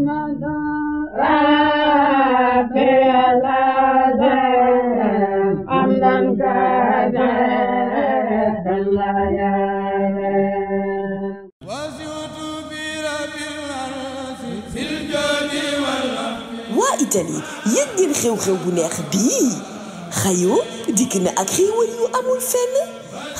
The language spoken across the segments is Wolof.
Italië, je deel xew-xew bu neex bii xayoo dikk na ak xéewal yu amul fenn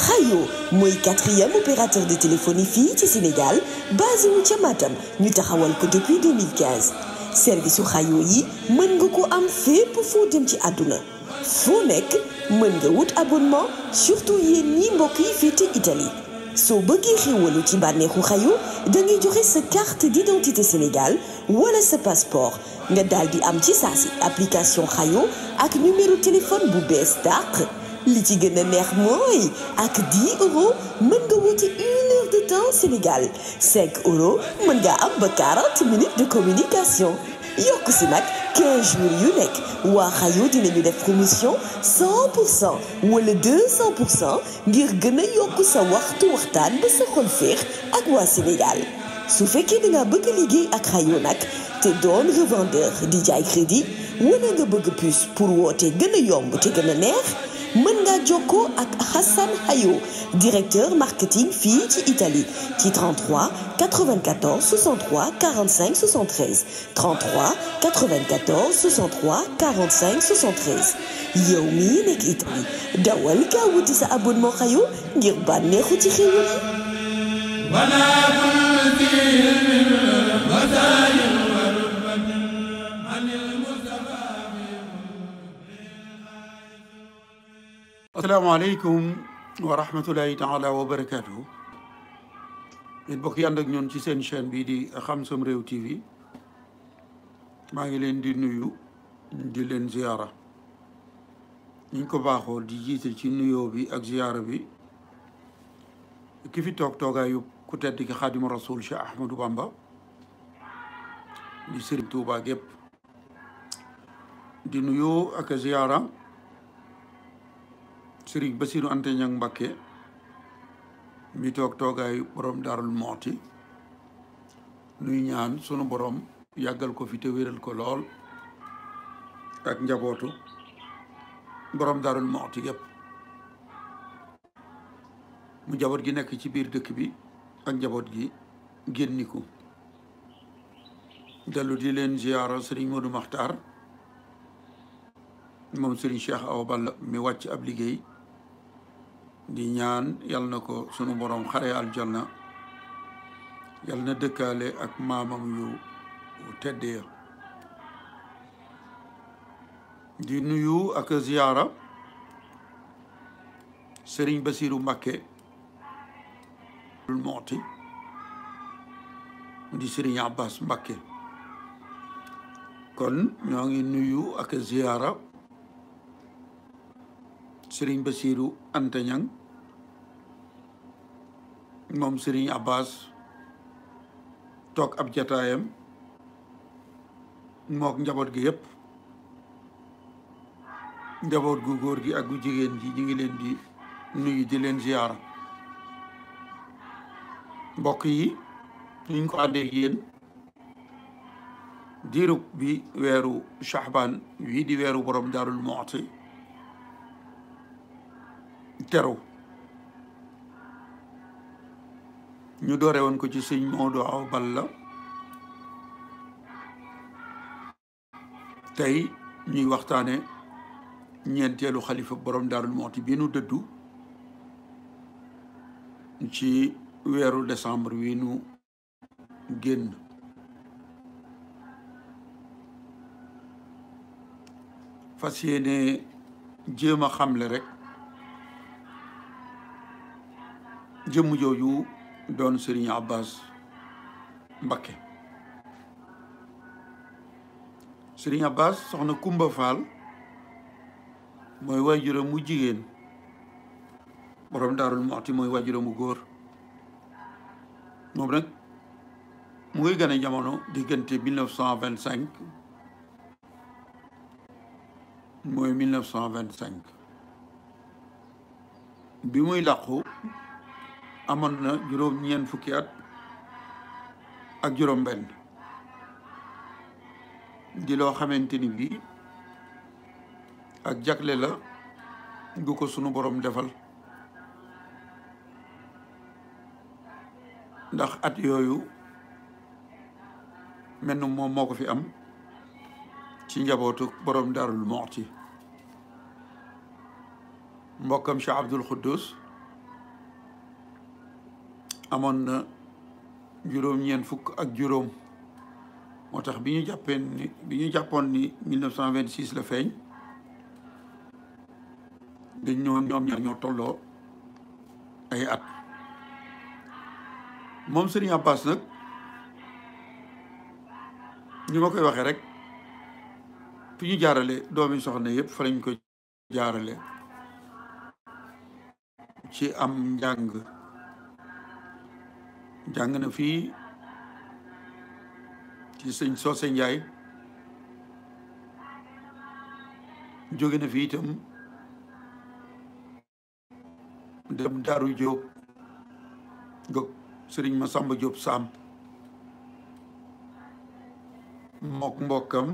Rayo moi quatrième opérateur de téléphonie fixe du Sénégal basé au Tiamatam, Matam ñu taxawal depuis 2015 service Rayo yi mën nga ko am fait pour dem ci petit foo nekk mën nga wut abonnement surtout y ni ni yi fête Italie so bëggee xéwalu ci bànneexu Rayo da ngay joxe sa carte d'identité Sénégal wala sa passeport nga di am ci application Rayo avec numéro téléphone bu bees Star li ci gëna neex mooy ak 10 euros mën nga wuti une heure de temps Sénégal 5 euros mën nga am 40 minutes de communication yokk si nag 15 jours yu nekk waa Xayo dinañu def promotion 100 ou le wala 200 pour ngir gën a yokk sa waxtu waxtaan ba sa xol féex ak waa Sénégal su fekkee da nga bëgg liggéey ak Xayo nag te doon revendeur di jaay crédit wala nga bëgg puce pour woote gën a yomb te neex mën Joko Hassan Hayo directeur marketing Fiji Italie T 33 94 63 45 73 33 94 63 45 73 yow dawal ka abonnement Hayo ngir السلام علeykum wa rahmatullahi taala wa barakatuhu yéen bokk yi ànd ak ñoon ci seen chaîne bii di Xam Sam Réew TV maa ngi leen di nuyu di leen ziyaara ñu ko baaxoo di jiite ci nuyoo bi ak ziyaara bi ki fi toog toogaayu ku tedd ki Xaadimu Rasuul Cheikh Ahmadou Bamba di Sëriñ Tuubaa gépp di nuyoo ak ziyaara sëriñ Bassirou Anta Niang Mbacké mi toog toogaayu borom Daarul Mooti nuy ñaan sunu boroom yàggal ko fi te wéral ko lool ak njabootu borom Daarul Mooti gépp mu njaboot gi nekk ci biir dëkk bi ak njaboot gi génniku dellu di leen ziyaara sëriñ du Makhtar moom sëriñ Cheikh Awa mi wàcc ab liggéey di ñaan yal na ko sunu borom xare aljanna yal na dëkkaale ak maamam yu teddeya di nuyu ak ziyaara Sëriñ Basiru Mbàkke Mooti di Sëriñ Abbas Mbàkke kon ñoo ngi nuyu ak ziyaara Sëriñ Basiru Anta moom Serigne Abbas toog ab jataayam mook njaboot gi yëpp njaboot gu góor gi ak gu jigéen ji ñu ngi leen di nuyu di leen ziyaara mbokk yi ñu ko àndee ak yéen diirub bi weeru Shahban wii di weeru borom Daarul Muxti teru ñu doore woon ko ci sëñ Modou Awa la tey ñuy waxtaane ñeenteelu xalifa borom daarul mooti bi nu dëddu ci weeru décembre wi nu génn fas yéene jéem a xamle rek jëmm jooju doon Serigne Abbas Mbakke Serigne Abbas soxna Kumba Fall mooy waajuram mu jigéen borom daarul Muxti mooy waajuram mu góor moom nag mu ngi gane jamono diggante mille neuf cent vingt cinq mooy mille neuf cent vingt cinq bi muy làqu amoon na juróom ñeent fukki at ak juróom benn di loo xamante ni bii ak jagle la gu ko sunu borom defal ndax at yooyu menn moom moo ko fi am ci njabootu borom Daarul Muxti mbokkam Cheikh Abdul Xuddus amoon na juróom-ñeent fukk ak juróom motax biñu bi ñu jàppee ni bi ñu ni 1926 la feeñ dañ ñoo ñoom ñaar ñoo tolloo ay at mom Serigne Abbas nak ñu ma waxe rek fi ñu jaarale doomi soxna yëpp fa lañ ko jaarale ci am njàng jàng na fii ci sëñ Socé Ndiaye joge na fi itam dem Daaru Jóob gog sëriñ Masamba Jóob Saam mook mbokkam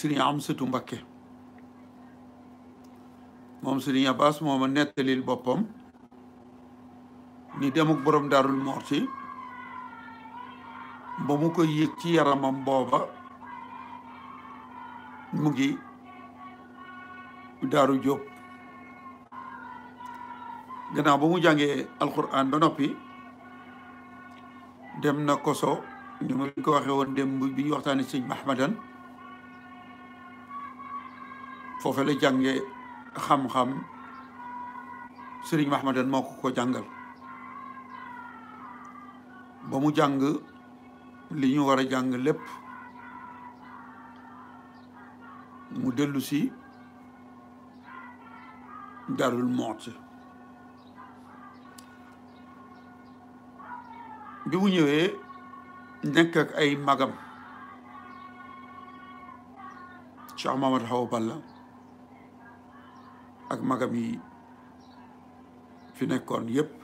am Amsatu Mbakke moom sëriñ Abbas moo ma nettalil boppam ni demuk borom darul morti ba mu ko yëg ci yaramam booba mu ngi daaru jóob gannaaw ba mu jàngee alquran ba noppi dem na koso ñu ma ko waxee woon dem bi ñu waxtaane sëñ mahmadan foofe la jànge xam-xam mahmadan moo ko jàngal ba mu jàng li ñu war a jàng lépp mu dellusi si Darou Moukhty mu ñëwee nekk ak ay magam Cheikh Mamadou ak magam yi fi nekkoon yépp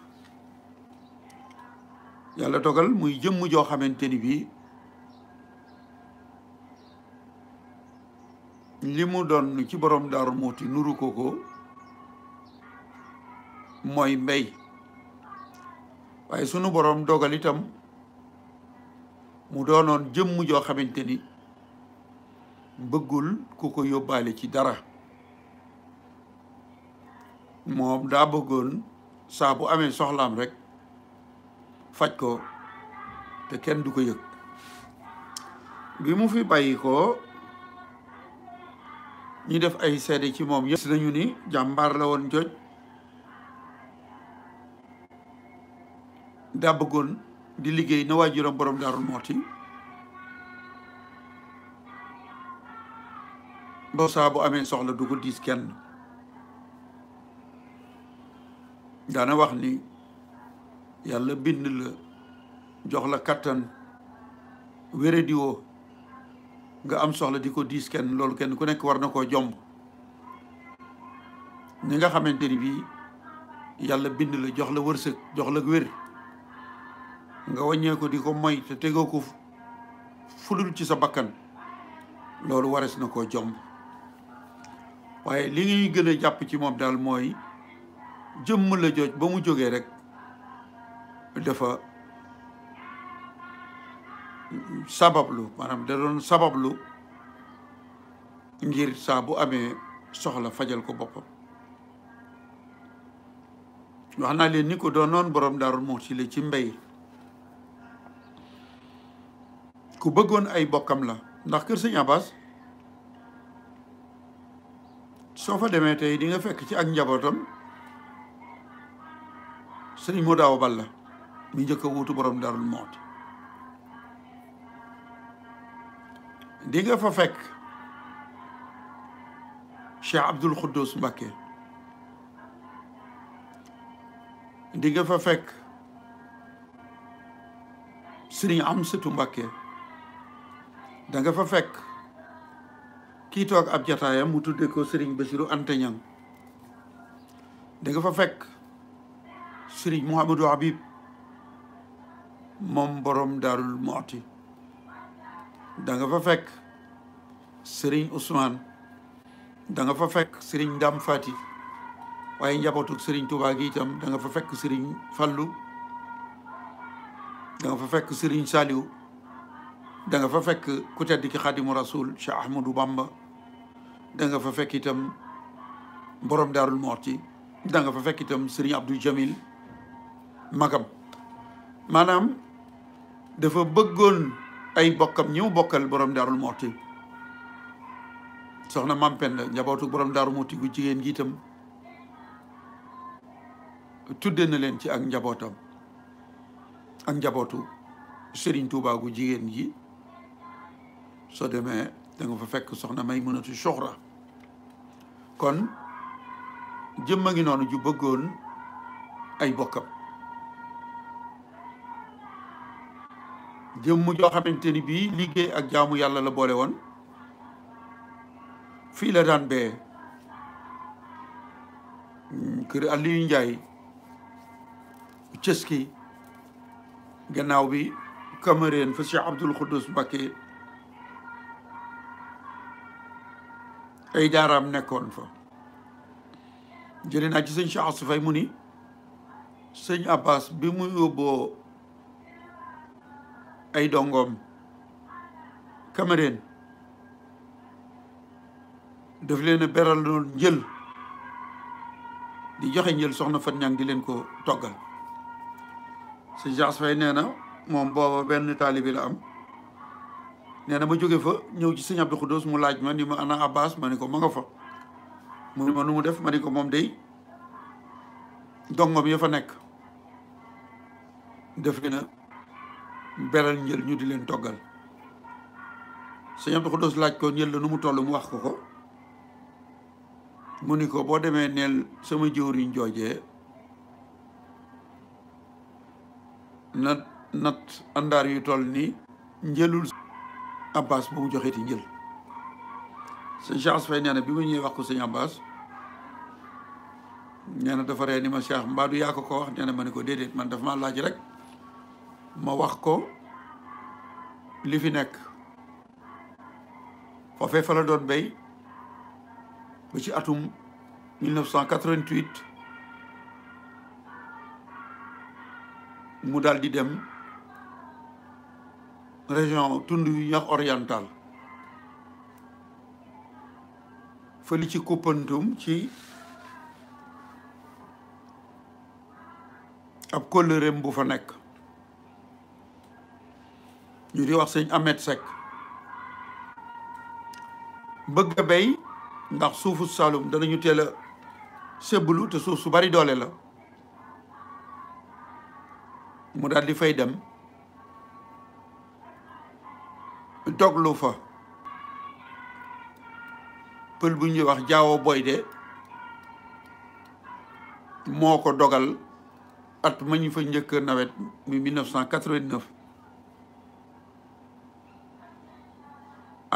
yàlla dogal muy jëmm joo xamante ni bii li mu doon ci borom daaru muuti nuru ko ko mooy mbéy waaye sunu borom dogal itam mu doonoon jëmm joo xamante ni bëggul ku ko yóbbaale ci dara moom daa bëggoon saa bu amee soxlaam rek faj ko te kenn du ko yëg bi mu fi bàyyi ko ñu def ay seede ci moom yëpp nañu ni jàmbaar la woon joj daa bëggoon di liggéey na waajuram borom daarul mooti bo saa bu amee soxla du ko diis kenn daana wax ni yàlla bind la jox la kattan wérediwoo nga am soxla di ko diis kenn loolu kenn ku nekk war na koo jomb ni nga xamante ni bii yàlla bind la jox la wërsëg jox la wér nga wàññee ko di ko moy te tegoo ko fudul ci sa bakkan loolu warees na koo jomb waaye li ngay gën a jàpp ci moom daal mooy jëmm la jooj ba mu jógee rek dafa sabablu maanaam da doon sabablu ngir saa bu amee soxla fajal ko boppam wax naa leen ni ko doonoon borom Daaru Muxti la ci mbay ku bëggoon ay bokkam la ndax kër Sëñ bas soo fa demee tey di nga fekk ci ak njabootam sëñ Modou Awa Balla mi njëkk a wuutu borom darul mooti di nga fa fekk Cheikh Abdul Khoudous Mbacké di nga fa fekk Sëriñ Amsatu Mbacké da nga fa fekk kii toog ab jataayam mu tudde ko Sëriñ Basiru da nga fa fekk Sëriñ Habib mom borom darul mu'ti da nga fa fek sëriñ Ousmane da nga fa fek sëriñ Ndam Fati waaye njabootu sëriñ Touba gi tam da nga fa fek sëriñ Fallu da nga fa fek sëriñ Saliou da nga fa fek ku teddi ki khadim rasoul Cheikh Ahmadou Bamba da nga fa fek itam borom darul mu'ti da nga fa fek itam serigne Abdou Jamil magam manam dafa bëggoon ay bokkam ñi mu bokkal borom daarul mooti soxna Mampenda njabootu borom daaru mooti gu jigéen giitam itam tudde leen ci ak njabootam ak njabootu Serigne Touba jigéen gi soo demee da nga fa fekk soxna may mënatu soxra kon jëmm a ngi noonu ju bëggoon ay bokkam jëmm joo xamante ni bii liggéey ak jaamu yàlla la boole woon fii la daan bee kër Aliou Ndiaye cëski gannaaw bi Cameroun fa Cheikh Abdoul Khoudous Mbacké ay daaraam nekkoon fa jëlee naa ci sëñ Cheikh Asou mu ni sëñ Abbas bi mu yóbboo ay dongoom Cameroun def leen a beral noonu njël di joxe njël soxna Fat Ñang di leen ko toggal sëñ Jaas Fay nee na moom booba benn taalibi la am nee na ma jóge fa ñëw ci sëñ Abdou Khoudous mu laaj ma ni ma ana Abbas ma ni ko ma nga mu ma nu mu ko moom day dongom ya fa nekk def leen beral njël ñu di leen toggal sëñ Abdou Khoudous laaj ko njël la nu mu toll mu wax ko ko mu ni ko boo demee neel sama jëwriñ joojee na nat andaar yu toll ni njëlul abbas bu mu joxeeti njël sëñ Cheikh Fay nee na bi mu ñëwee wax ko sëñ abbas nee na dafa ree ni ma Cheikh mbaadu yaa ko ko wax nee na ko déedéet man dafa ma laaj rek ma wax ko li fi nekk foofee fa la doon béy ba ci atum 1988 mu daal di dem région tund yu ñax oriental fëli ci Koupantoum ci ab kóllëreem bu fa nekk ñu di wax sëñ amet Seck bëgg a béy ndax suufu Saloum danañu teel a sëblu te suuf su bari doole la mu daldi fay dem toglu fa pël bu ñuy wax jaawoo boy de moo ko dogal at ma ñu fa njëkk nawet mi 1989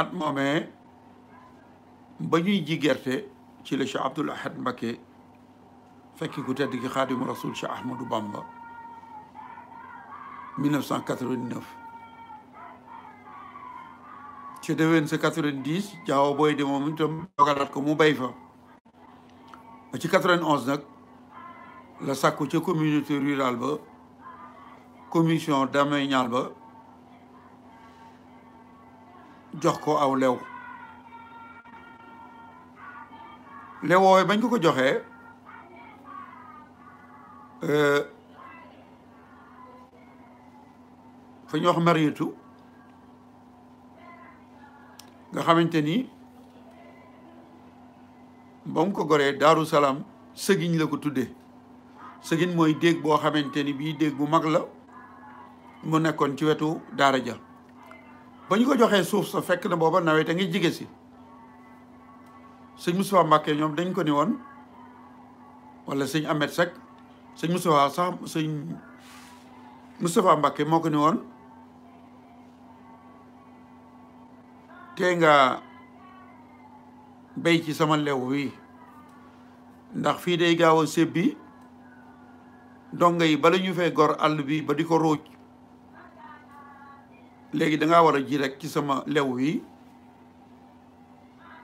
at moomee ba ñuy ji gerte ci la Cheikh Abdoul Ahad Mbacké fekki ku tedd ki xaadimu rasul Cheikh Ahmadou Bamba ci déwén sa 90 booy de moom itam dogalaat ko mu bay fa ba ci 91 nag la sàkku ca communauté rural ba commission damay ñaal ba jox ko aw lew lew bañ ko ko joxee euh, fa ñu wax maritu nga xamante ni ba ko goree daaru salaam sëgiñ la ko tuddee sëgiñ mooy déeg boo xamante ni bii déeg bu mag la mu nekkoon ci wetu daara ja ba ñu ko joxee suuf sa fekk na booba nawet a ngi jige si sëñ Moustapha Mbacké ñoom dañ ko ni woon walla sëñ Ahmed Seck sëñ Moustapha sax sëñ Moustapha moo ko ni woon tee nga béy ci sama lew wi ndax fii day gaaw a sébbi donga yi bala ñu fee gor àll bi ba di ko ruuj léegi dangaa war a ji rek ci sama lew wi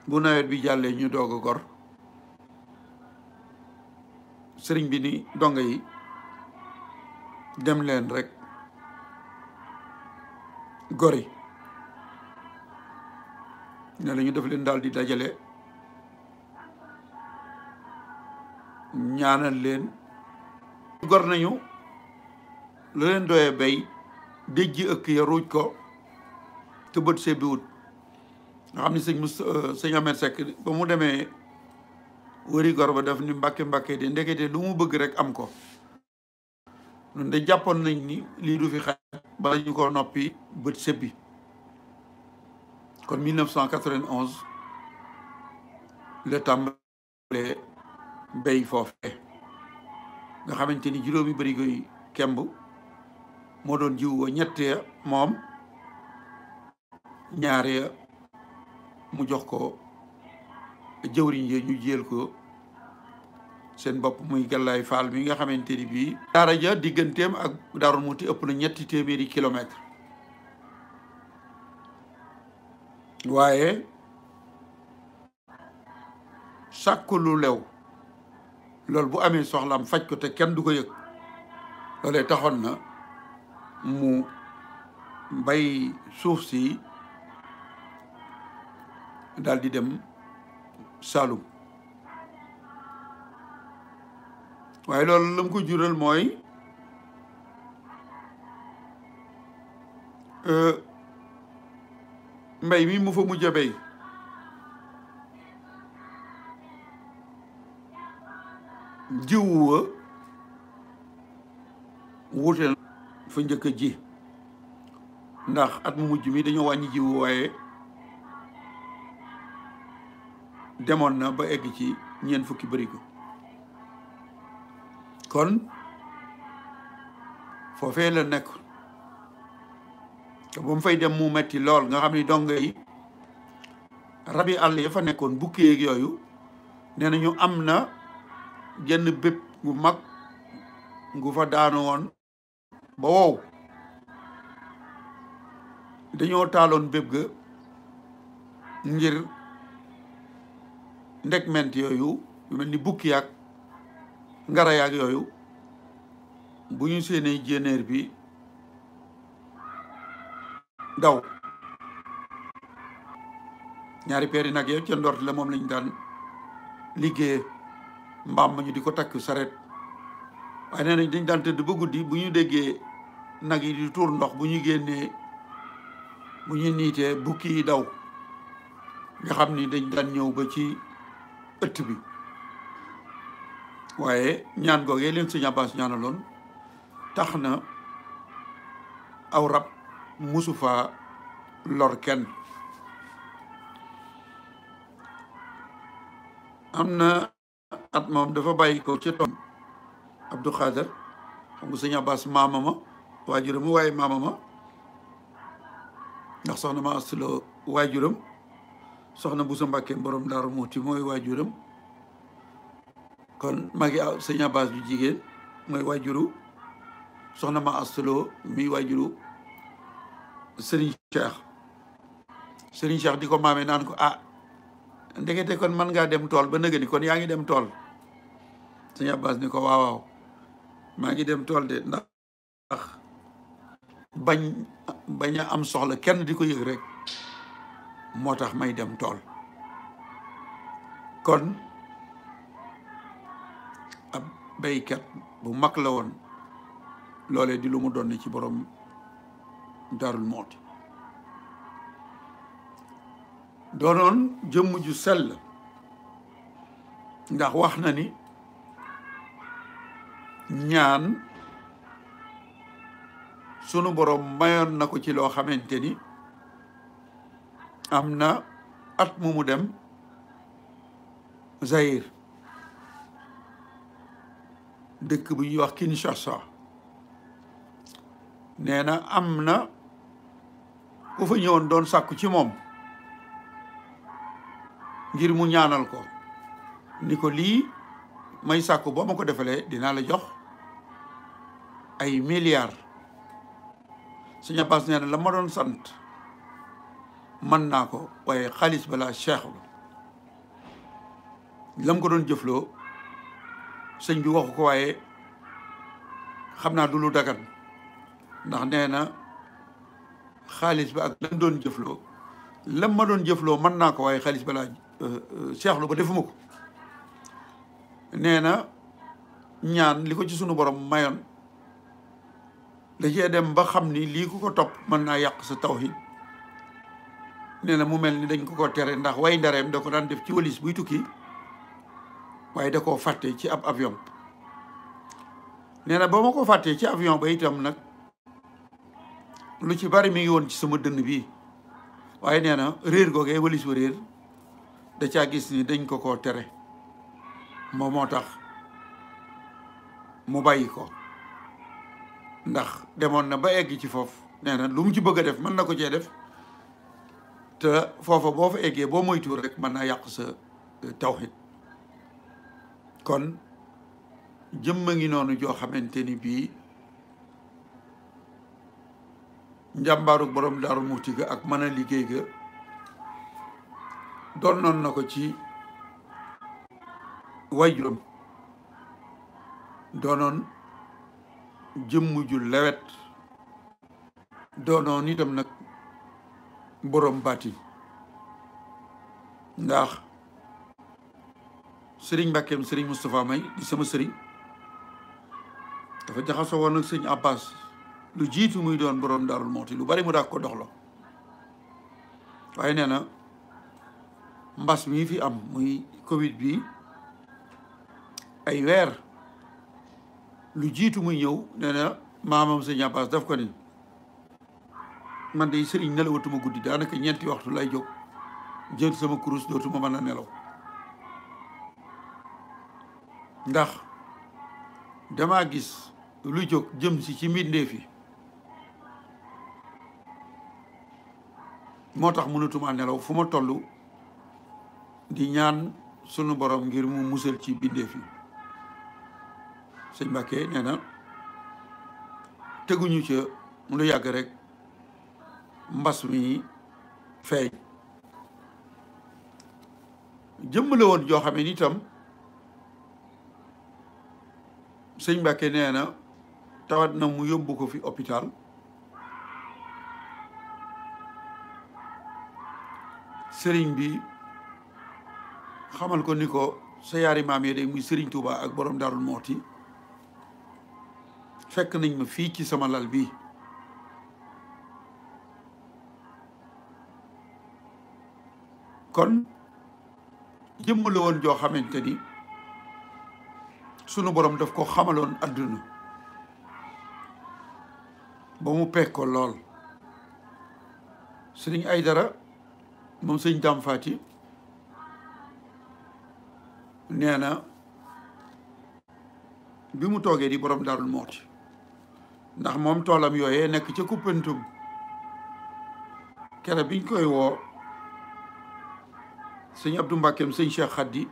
bu nawet bi jàllee ñu doog a gor sëriñ bi ni donga yi dem leen rek gori na la ñu def leen daal di dajale ñaanal leen gor nañu lu leen doye bay déj ji ëkk ya ruuj ko te bët see biwut nga xam ne sëñ mus euh, sëñ Amet Sekk ba mu demee wëri gor ba def ni mbàkke mbàkke di ndekete lu mu bëgg rek am ko nun de jàppoon nañ ni lii du fi xaj bala ñu ko noppi bët sëbbi kon 1991 la tàmbalee béy foofe nga xamante ni juróomi bërigoy kemb moo doon jiw wa ñett ya moom ñaar ya mu jox ko jëwriñ ya ñu jël ko seen bopp muy gàllaay faal mi nga xamante ni bii daara ja digganteem ak Daaru Muti ëpp na ñetti téeméeri kilomètre waaye sàkku lu lew loolu bu amee soxlaam faj ko te kenn du ko yëg loolee taxoon na mu bay suuf si daal di dem Saalum waaye loolu lam ko jural mooy e, mbay mi mu fa mujj a béy jiw wa wuute fa njëkk a ji ndax at mu mujj mi dañoo wàññi jiwu waaye demoon na ba egg ci ñeent fukki barigo kon foofee la nekk te ba mu fay dem mu metti lool nga xam ni dongo yi rabi àll ya fa nekkoon bukki yeeg yooyu nee na ñu am na genn bépp gu mag ngu fa daanu woon ba wow dañoo taaloon béb ga ngir ndek ment yooyu mel ni bukki yaag ngara yaag yooyu bu ñu séenee jénéer bi daw ñaari peeri nag yow ca ndort la moom lañu daan liggéey mbaam ma ñu di ko takk saret waaye nee nañ dañ daan tëdd ba guddi bu ñu déggee nag yi di tuur ndox bu ñu génnee bu ñu niitee bukki yi daw nga xam ni dañ daan ñëw ba ci ëtt bi waaye ñaan googee leen sëñ Abbas ñaanaloon tax na aw rab musu fa lor kenn am na at moom dafa bàyyi ko ci toom Abdou Khader xam nga maamama waajuram ma waaye maama ndax soxna ma astu la soxna busu sa mbàkkee borom daaru muuti mooy waajuram kon magi sëñ Abbas ju jigéen mooy waajuru soxna ma astu la mi waajuru Serigne Cheikh Serigne Cheikh di ko maame naan ko ah ndekete kon man ngaa dem tool ba nëgë kon yaa ngi dem tool sëñ Abbas ni ko waaw waaw maa ngi dem tool de ndax bañ bañ a am soxla kenn di ko yëg rek moo tax may dem tool kon ab béykat bu mag la woon loolee di lu mu ci boroom Daarul Muhti doonoon jëmm ju sell ndax wax na ni ñaan sunu borom mayoon na ko ci loo xamante ni am na at mu mu dem Zaïre dëkk bu ñuy wax Kinshasa nee na am na ku fa ñëwoon doon sàkku ci moom ngir mu ñaanal ko ni ko lii may sàkku boo ma ko defalee dinaa la jox ay milliards suñu Abbas nee na la ma doon sant man naa ko waaye xaalis balaa cheikh lam ko doon jëfloo sëñ bi waxu ko waaye xam naa du lu dagan ndax nee na xaalis ba ak lam doon jëfloo lam ma doon jëfloo mën naa ko waaye xaalis balaa euh, euh, seexlu ba defuma ko nee na ñaan li ko ci sunu borom mayoon da cee dem ba xam ni lii ku ko topp mën naa yàq sa tawhid nee na mu mel ni dañ ko ko tere ndax way ndareem da ko daan def ci walis buy tukki waaye da koo fàtte ci ab avion nee na ba ma ko fàttee ci avion ba itam nag lu ci bari mi ngi woon ci sama dënn bii waaye nee na réer googee walis wa réer da caa gis ni dañ ko ko tere moom moo tax mu bàyyi ko ndax demoon na ba egg ci foofu nee na lu mu ci bëgg a def man na ko cee def te foofa boo fa eggee boo moytuwul rek mën naa yàqu sa euh, tawxid kon jëmm a ngi noonu joo xamante ni bii njàmbaaru borom daaru muxti ga ak mën liggéey ga doon noon na ko ci wayjuram doonoon jëmm ju lewet doonoon itam nag borom baati ndax sëriñ Mbàkkeem sëriñ Moustapha May di sama sëriñ dafa jaxasoo woon ak sëñ Abbas lu jiitu muy doon borom Daarul Muxti lu bari mu daak ko doxlo waaye nee na mbas mi fi am muy Covid bi ay weer lu jiitu muy ñëw nee na maamam sëñ Abbas daf ko ni man de sëriñ nelawatuma guddi daanaka ñeenti waxtu lay jóg jël sama kurus dootuma mën a nelaw ndax damaa gis lu jóg jëm si ci mbindeef yi moo mënatuma nelaw fu ma di ñaan sunu borom ngir mu musal ci sëñ Mbàkke nee na teguñu ca mu lu yàgg rek mbas mi feeñ jëmm la woon joo xam ne sëñ Mbàkke nee na tawat na mu yóbbu ko fi hôpital sëriñ bi xamal ko ni ko sa yaari maam yi day muy sëriñ Touba ak borom Daarul Mooti fekk nañ ma fii ci sama lal bi kon jëmm la woon joo xamante ni sunu borom daf ko xamaloon adduna ba mu peeg ko lool sëriñ ay dara moom sëñ Dame Faty nee na bi mu toogee di borom daarul mooti ndax moom toolam yooyee nekk ca kuppantum kere biñ koy woo sëñ Abdou Mbàkkeem sëñ Cheikh xaddi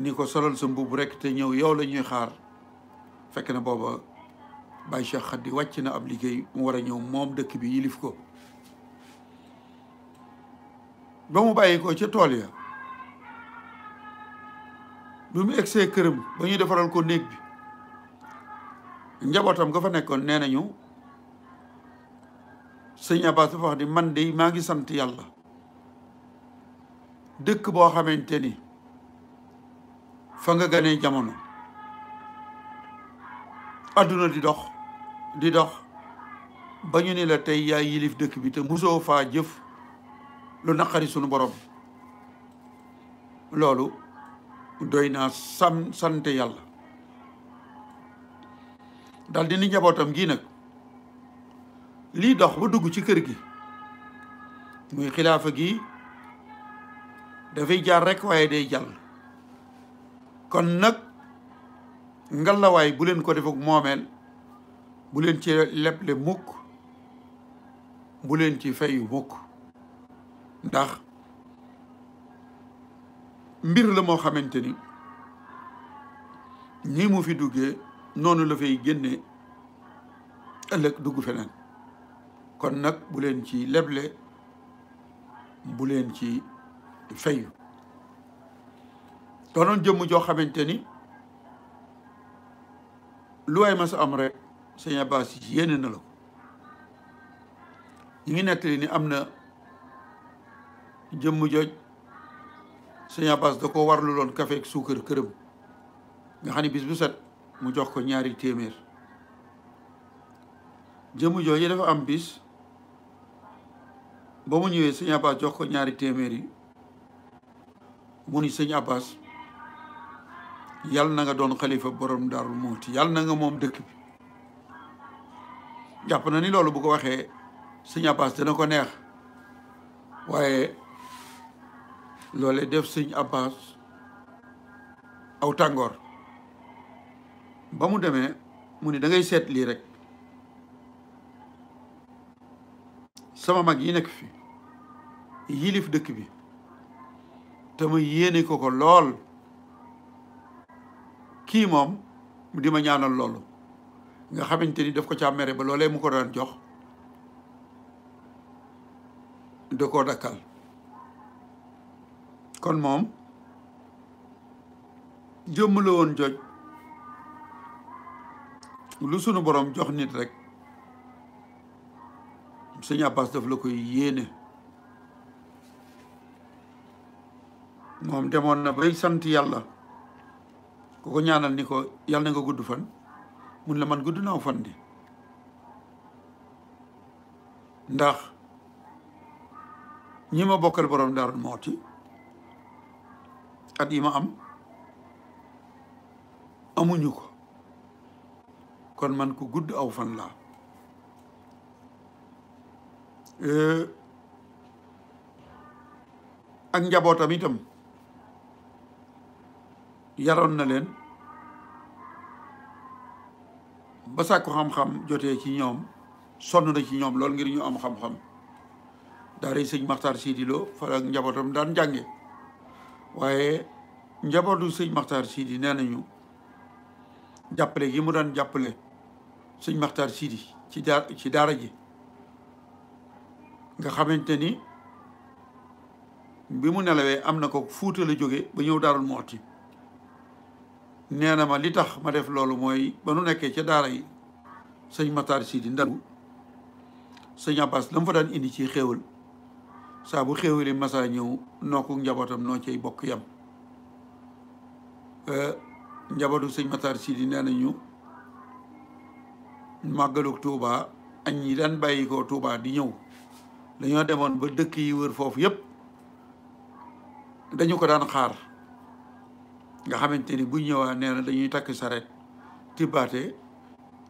ni ko solal sa mbubb rek te ñëw yow lañuy xaar fekk na booba Baye Cheikh Khady wàcc na ab liggéey mu war a ñëw moom dëkk bi yilif ko ba mu bàyyi ko ca tool ya bi mu egsee këram ba ñu defaral ko néeg bi njabootam ga fa nekkoon nee nañu sëñ Abbas dafa wax ni man de maa ngi sant yàlla dëkk boo xamante ni fa nga ganee jamono adduna di dox di dox ba ñu ni la tey yaay yilif dëkk bi te musoo faa jëf lu naqari sunu borom loolu doy naa sam sant yàlla dal di ni njabootam gii nag li dox ba dugg ci kër gi muy xilaafa gi dafay jaar rekk waaye day jàll kon nag ngalawaay bu leen ko defuk moomeel bu leen ci leble mukk bu leen ci fayu mukk ndax mbir la moo xamante ni ñi mu fi duggee noonu la fay génnee ëllëg dugg feneen kon nag bu leen ci leble bu leen ci fayu doonoon jëmm joo xamante ni lu waay ma sa am rek sëñ Abbas na la ko ñi ngi nettali ni am na jëmm jooj sëñ Abbas da ko warlu loon café ak suukar këram nga xam ne bis bu set mu jox ko ñaari téeméer jëmu yi dafa am bis ba mu ñëwee sëñ Abbas jox ko ñaari téeméer yi mu ni sëñ Abbas yàlla na nga doon xalifa borom Daaru Muhti yàlla na nga moom dëkk bi jàpp na ni loolu bu ko waxee sëñ Abbas dana ko neex waaye loole def sëñ Abbas aw tàngoor ba mu demee mu ni dangay ngay rek sama mag yi nekk fi yilif dëkk bi te ma yéene ko ko lool kii moom di ma ñaanal loolu nga xamante ni daf ko caa mere ba loolee mu ko daan jox da koo dakkal kon moom jëmm woon joj lu sunu borom jox nit rek sëñ Abbas daf la koy yéene moom demoon na bay sant yàlla ku ko ñaanal ni ko yàlla na nga gudd fan mun la man gudd naaw fan di ndax ñi ma bokkal borom daaru mooti at yi ma am amuñu ko kon man ku gudd aw fan laa ak njabootam itam yaron na leen ba sàkku xam-xam jotee ci ñoom sonn na ci lool ngir ñu am xam-xam Dari sëñ Maxtaar Sidi Lo fa ak njabootam daan jànge waaye njabootu sëñ Maxtaar Sidi nee nañu jàppale mu daan sëñ Maxtaar Sidi ci daar ci daara ji nga xamante ni bi mu nelawee am na ko fuuta la jóge ba ñëw daarul mooti nee na ma li tax ma def loolu mooy ba nu nekkee ca daara yi sëñ Maxtaar Sidi ndaru sëñ Abbas la mu fa daan indi ci xéewal saa bu xéewali masa ñëw noo ko njabootam noo cay bokk yam njabootu sëñ Maxtaar Sidi nee nañu màggalug Touba añ yi daan bàyyi ko di ñëw dañoo demoon ba dëkk yi wër foofu yépp dañu ko daan xaar nga xamante ni bu ñëwaa nee na dañuy takk saret tibbaate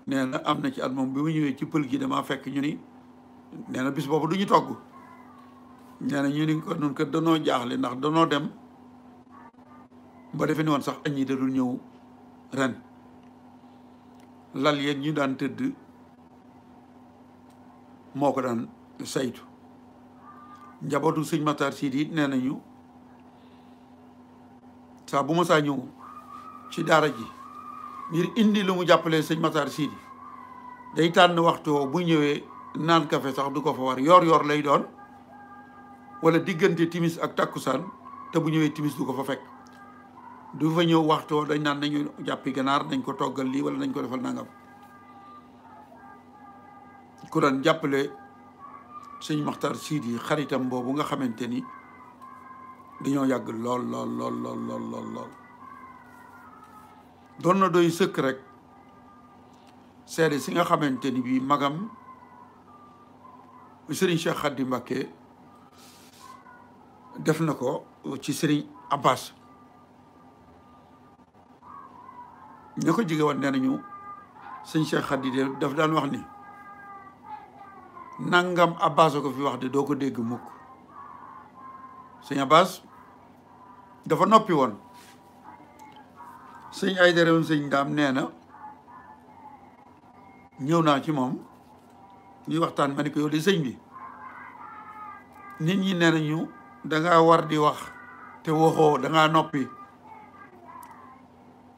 nee na am na ci at moom bi mu ñëwee ci pël gi dama fekk ñu ni nee bis boobu du ñu togg nee na ñu ni ko nun ko danoo jaaxle ndax danoo dem ba defe ni woon sax añ yi da ñëw ren lal yeeg ñu daan tëdd moo ko daan saytu njabootu sëñ Matar Sy nee nañu saa bu ma saa ñëw ci daara ji ngir indi lu mu jàppalee sëñ Matar Sy day tànn waxtu woo bu ñëwee naan kafe sax du ko fa war yoor yoor lay doon walla diggante timis ak takkusaan te bu ñëwee timis du ko fa fekk du fa ñëw waxtoo dañ naan nañu jàppi ganaar dañ ko toggal lii wala nañ ko defal nangam ku daan jàppale sëñ Maxtaar Siidi xaritam boobu nga xamante ni dañoo yàgg lool lool lool lool doon na doy sëkk rek seede si nga xamante ni bii magam sëriñ Cheikh Xaddi Mbakke def na ko ci sëriñ Abbas ña ko jege woon nee nañu sëñ Cheikh Khady de daf daan wax ni nangam Abbas ko fi wax de doo ko dégg mukk sëñ Abbas dafa noppi woon sëñ ay derewoon sëñ daam nee na ñëw naa ci moom ñuy waxtaan ma ko yow di sëñ bi nit ñi nee nañu danga war di wax te waxoo danga noppi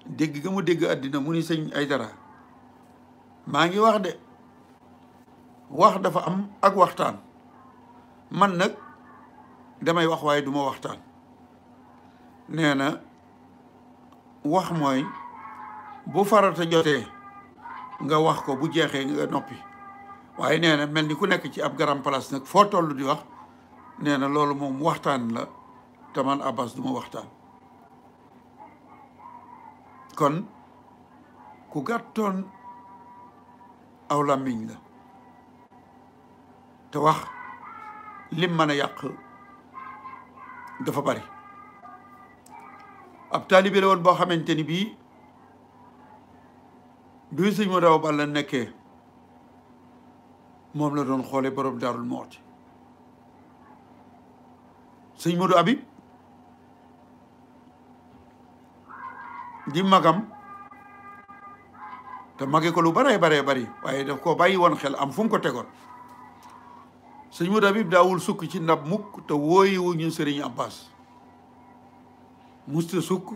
dégg ga mu dégg àddina mu ni sëñ ay dara maa ngi wax de wax dafa am ak waxtaan man nag damay wax waaye duma waxtaan nee na wax mooy bu farata jotee nga wax ko bu jeexee nga noppi waaye nee na mel ni ku nekk ci ab garam place nag foo toll di wax nee na loolu moom waxtaan la te man Abbas duma waxtaan kon ku gàttoon aw làmmiñ la te wax lim mën a yàq dafa bari ab taalibe la woon boo xamante ni bii duy sëñ moo daw balla nekkee moom la doon xoole borom daarul mooti sëñ Modou Habib di magam te mage ko lu baree baree bari waaye daf ko bàyyi woon xel am fu mu ko tegoon sëñ mu Habib daawul sukk ci ndab mukk te wooyiwu ñu sëriñ Abbas musta sukk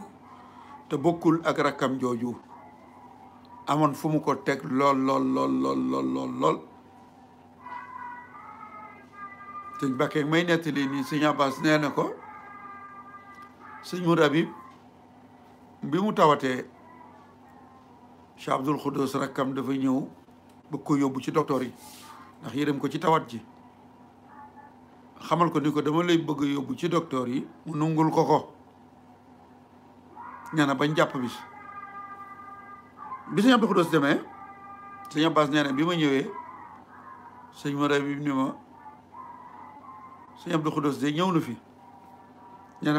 te bokkul ak rakkam jooju amoon fu mu ko teg lool lool lool lool lool lool may nettali nii sëñ Abbas nee na ko sëñ Modou Habib bi mu tawatee Cheikh Abdoul Khoudous rakkam dafa ñëw bëgg ko yóbbu ci docteur yi ndax yërëm ko ci tawat ji xamal ko ni ko dama lay bëgg yóbbu ci docteur yi mu nungul ko ko nee bañ jàpp bis bi sëñ Abbas bi ma Mara bi de ñëw na fi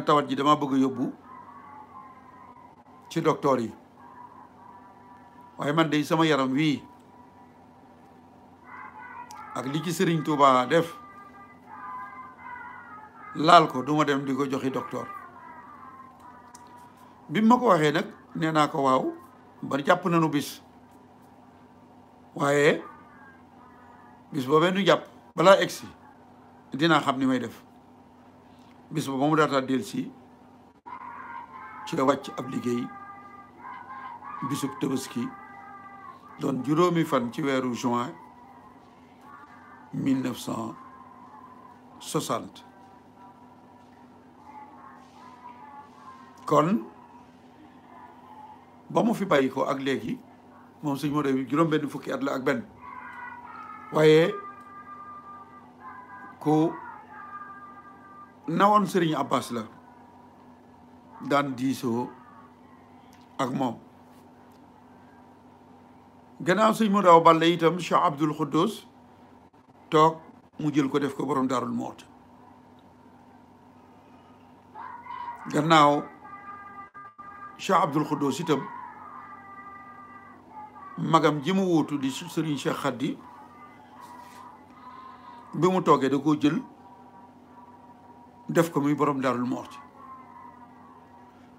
tawat ji dama bëgg yóbbu ci yi waaye man de sama yaram wii ak li ci Sëriñ Tuuba def laal ko duma dem di ko joxi docteur bi ma ko waxee nag nee naa ko waaw ba jàpp na nañu bis waaye bis boobee nu jàpp balaa egsi dinaa xam ni may def bis booba mu daata del si ci wàcc ab liggéey bisub Tabaski doon juróomi fan ci weeru juin mille neuf kon ba mu fi bàyyi ko ak léegi moom sëñ moo dem juróom benn fukki at la ak benn waaye ku nawoon sëriñ Abbas la daan diisoo ak moom gannaaw sëñ mu daaw Balla itam Cheikh Abdul Xuddus toog mu jël ko def ko borom daarul moot gannaaw Cheikh Abdul Xuddus itam magam ji mu wuutu di Serigne Cheikh Khady bi mu toogee da koo jël def ko muy borom daarul moot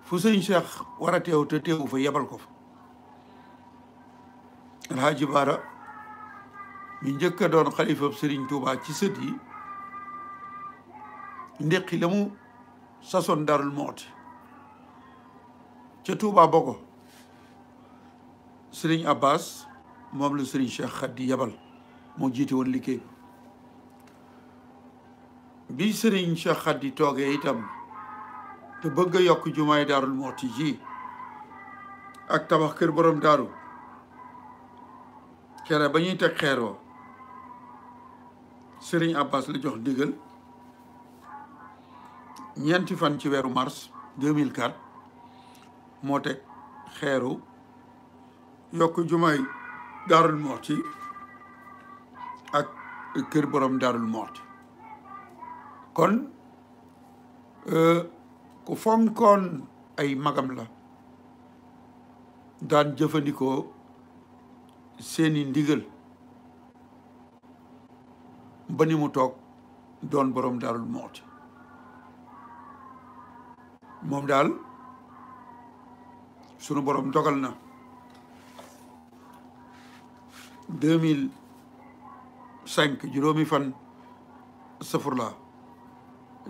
fu Serigne Cheikh war a teew te teewu fa yebal ko fa alxaaji baara mi njëkk a doon xalifab sëriñ Tuuba ci sët yi ndéqi la mu sasoon darul mooti ca Tuuba Bogo sëriñ Abbas moom la sëriñ Cheikh Xaddi yabal moo jiite woon liggéey bi sëriñ Cheikh Xaddi toogee itam te bëgg a yokk jumaay daarul mooti ji ak tabax kër borom daaru kere ba ñuy teg xeer wa Sëriñ Abbas li jox ndigal ñeenti fan ci weeru mars 2004 moo teg xeeru yokk jumaay Daarul ci ak kër borom Daarul Moxti kon euh, ku fonkoon ay magam la daan jëfandikoo seeni ndigal ba ni mu toog doon boroom daal Muhti moom daal sunu boroom dogal na deux mille cinq juróomi fan safurla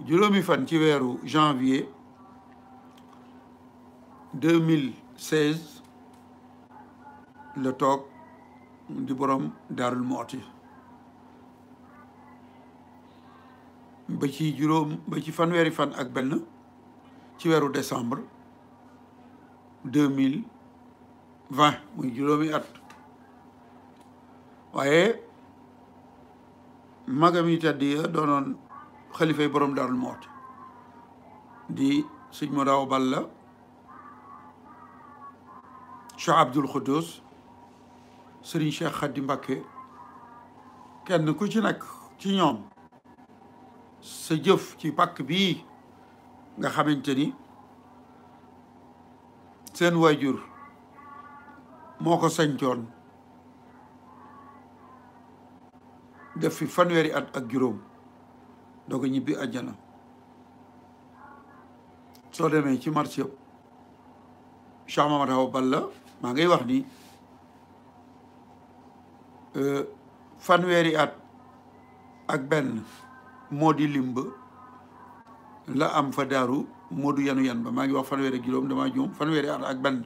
juróomi fan ci weeru janvier deux mille seize la toog di borom daarul mooti ba ci juróom ba ci fanweeri fan ak benn ci weeru décembre deux mille vingt muy juróomi at waaye magam yi tedd ya doonoon xalifay borom daarul mooti di sëñ mu daaw balla cheikh abdul xuddus Serigne Cheikh Khady Mbacké kenn ku ci nekk ci ñoom sa jëf ci pàkk bii nga xamante ni seen waajur moo ko sañcoon def fi fanweeri at ak juróom doo ko ñibbi àjjana soo demee ci marché Cheikh Mamadou ba Balla maa ngay wax ni Euh, fanweeri at ak benn moo di limb la am fa daaru moo du yanu yan ba maa ngi wax fanweeri ak juróom damaa juum fanweeri at ak benn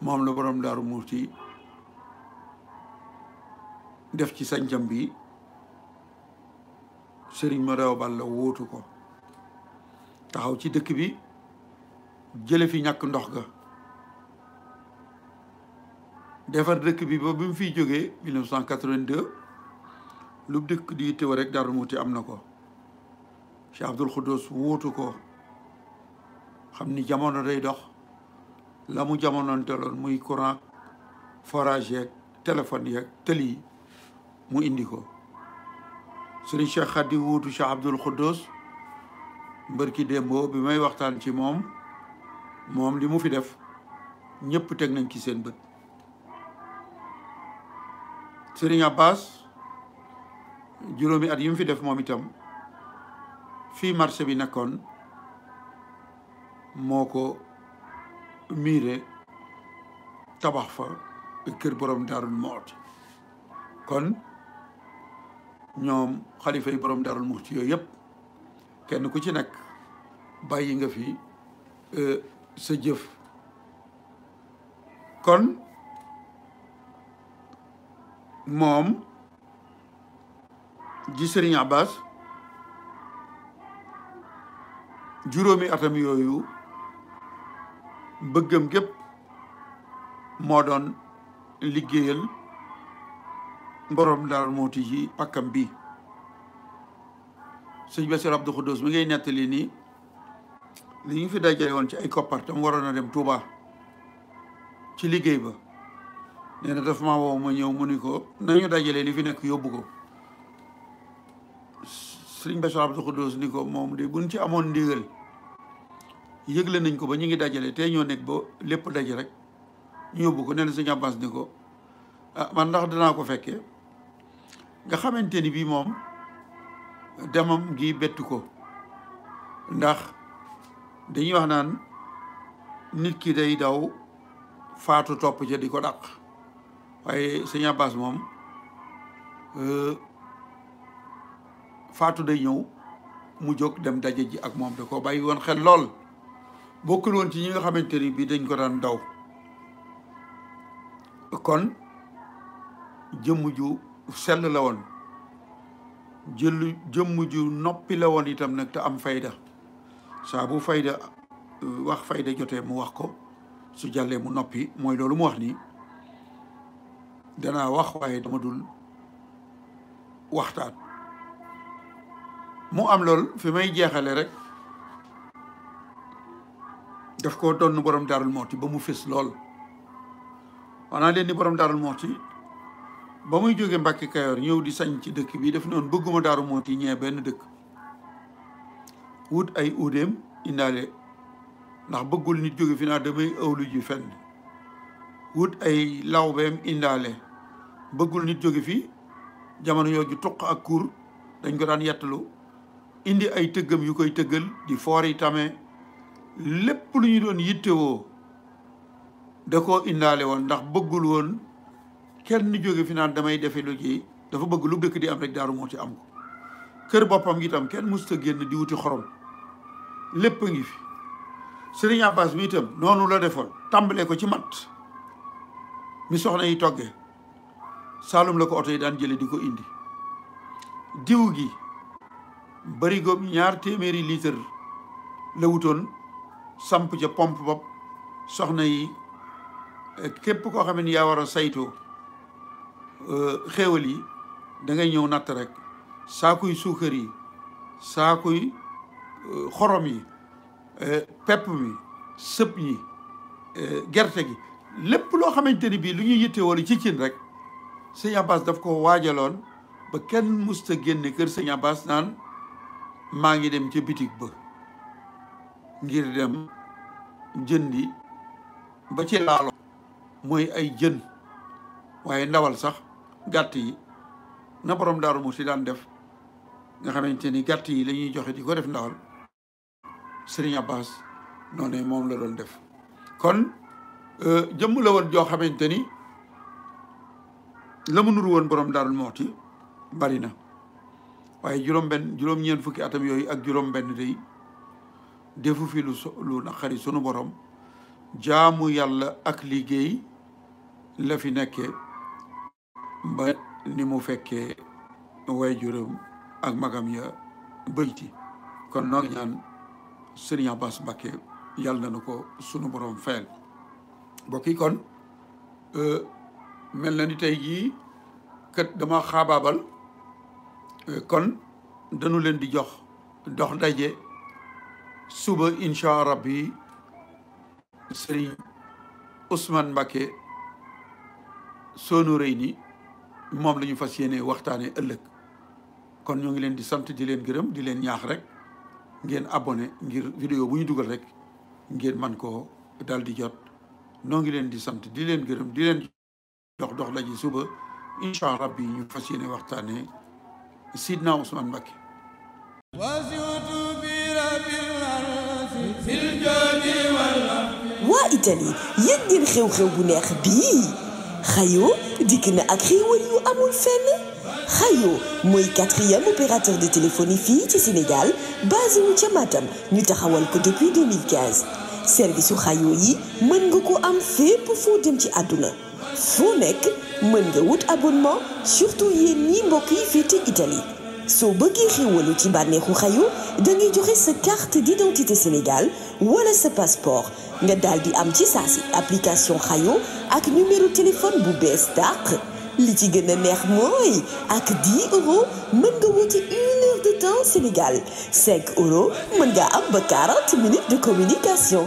moom la borom daaru muuti def ci sancam bi sëriñ ma rew bal la wóotu ko taxaw ci dëkk bi jële fi ñàkk ndox ga defar dëkk bi ba bi mu fiy jógee 1982 lu dëkk di teew rek Daaru Muxti am na ko Cheikh Abdoul Khoudous wuutu ko xam ni jamono day dox la mu jamonoon muy courant forage yeeg téléphone yeeg tëli yi mu indi ko sëriñ Cheikh Khady wuutu Cheikh Abdoul Khoudous mbërki démboo bi may waxtaan ci moom moom li mu fi def ñëpp teg nañ ci seen bët Serigne baas juróomi at yi fi def moom itam fii marché bi nekkoon moo ko miire tabax fa kër borom daarul moot kon ñoom xalifa yi borom daarul muxti yooyu yëpp kenn ku ci nekk bàyyi nga fi euh, sa jëf kon mom ji Serigne Abbas Atami atam yooyu Modern, gépp Boromdal Motiji liggéeyal boroom daal mooti ji pakkam bi sëñ Bassirou Abdou Khoudoss mi ngay nettali li ñu fi dajale ci ay dem Touba ci ba nee dafa daf ma woo ñëw mu ni ko nañu dajale li fi nekk yóbbu ko sëriñ Bassirou Abdou Khoudoss ni ko moom de buñ ci amoon ndigal yëgle nañ ko ba ñu ngi dajale te ñoo nekk bo lépp daje rek ñu yóbbu ko nee na sëriñ Abbas ni ko ah man ndax dana ko fekke nga xamante ni bii moom demam gi bettu ko ndax dañuy wax naan nit ki day daw faatu topp ca di ko dàq waaye sëñ Abbas moom euh, faatu day ñëw mu jóg dem daje ji ak moom da ko bàyyi woon xel lool bokkul woon ci ñi nga xamante ni bii dañ ko daan daw kon jëmm ju sell la woon jël jëmm ju noppi la woon itam nag te am fayda saa bu fayda euh, wax fayda jotee mu wax ko su jàllee mu noppi mooy loolu mu wax nii دنا وخواي دمدول وقتات مو أم لول في ماي جيخة لرك داف كو تون نبرم دار الموتي بمو فيس لول وانا دي نبرم دار الموتي بمو يجوغي مباكي كيور نيو دي سانيك دكي بي داف نون بغو دار الموتي نيه بين دك ود اي اوديم اندالي ناخ بغول نيت جوغي فينا دمي اولو جي فن ود اي لاو بهم اندالي bëggul nit jóge fi jamono yooju tuq ak kuur dañ ko daan yettalu indi ay tëggam yu koy tëggal di foor yi tamee lépp lu ñu doon yittewoo da koo indaale woon ndax bëggul woon kenn jóge fi naan damay defe lu ji dafa bëgg lu dëkk di am rek daaru moo ci am ko kër boppam gi tam kenn musta génn di wuti xorom lépp ngi fi Sëriñ Abbas bi itam noonu la defoon tàmbalee ko ci mat mi soxna yi toggee Saalum la ko oto yi daan jële di ko indi diw gi barigoom ñaar téeméeri litre la wutoon samp ja pomp bopp soxna yi képp koo xam ne yaa wara a saytoo euh, xéewal yi dangay ñëw natt rek saakuy suukar yi saakuy euh, xorom yi euh, pepp yi sëb yi gerte gi lépp loo xamante ni bii lu ñuy yittewoo ci cin rek sëñ Abbas daf ko waajaloon ba kenn musta génne kër sëñ Abbas naan maa ngi dem ci bitig ba ngir dem jëndi ba ci laalo mooy ay jën waaye ndawal sax gàtt yi na borom daaru mu si daan def nga xamante ni gàtt yi lañuy joxe di ko def ndawal Sëriñ Abbas noonu moom la doon def kon euh, jëmm la woon joo xamante ni la mu nuru woon borom daarul moxti bari na waaye juróom-benn juróom-ñeent fukki atam yooyu ak juróom-benn day defu fi lu naqari sunu borom jaamu yàlla ak liggéey la fi nekkee ba fekke mu fekkee way juróom ak magam ya bëyti kon noo ñaan Sëriñ Abbas Mbakke yàlla na ko sunu borom fayal mbokk yi kon euh, mel na ni tey jii kat dama xaabaabal euh, kon dañu leen di jox dox daje suba incha rabbi sëriñ Ousmane Mbacké Sonoreyni moom la ñu fas yéene waxtaane ëllëg kon ñoo ngi leen di sant di leen gërëm di leen ñaax rek ngeen abonné ngir vidéo bu ñu dugal rek ngeen man ko dal di jot noo ngi leen di sant di leen gërëm di leen dox dox la ji suba insha allah bi ñu fas yéene waxtaanee Sidna Ousmane Mbacké waa Italie yëg ngeen xew-xew bu neex bi xayo dikk na ak xéewal yu amul fenn xayo mooy quatrième opérateur de téléphonie fii ci Sénégal basé wu ca Matam ñu taxawal ko depuis 2015 service xayo yi mën nga ko am fépp foo dem ci àdduna fou nek mën nga wut abonnement surtout si ñi mbokk yi Italie soo bëggee xéwalu ci bànneexu xayu da ngay joxe sa carte d'identité Sénégal wala sa passeport nga daal di am ci application xayu ak numéro téléphone bu bees dàq li ci gën neex mooy ak 10 euros mën nga wuti une heure de temps Sénégal 5 euros mën nga am ba 40 minutes de communication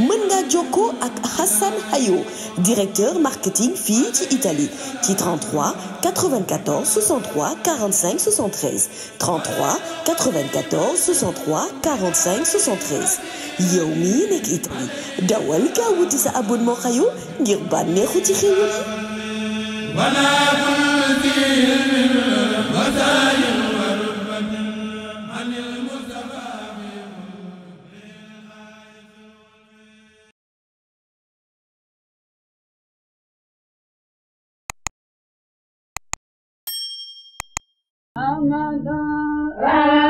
mën Joko ak Hassan Hayo directeur marketing Fiji Italie T 33 94 63 45 73 33 94 63 45 73 yoomi mii dawal sa abonnement Hayo ngir Radha. Radha.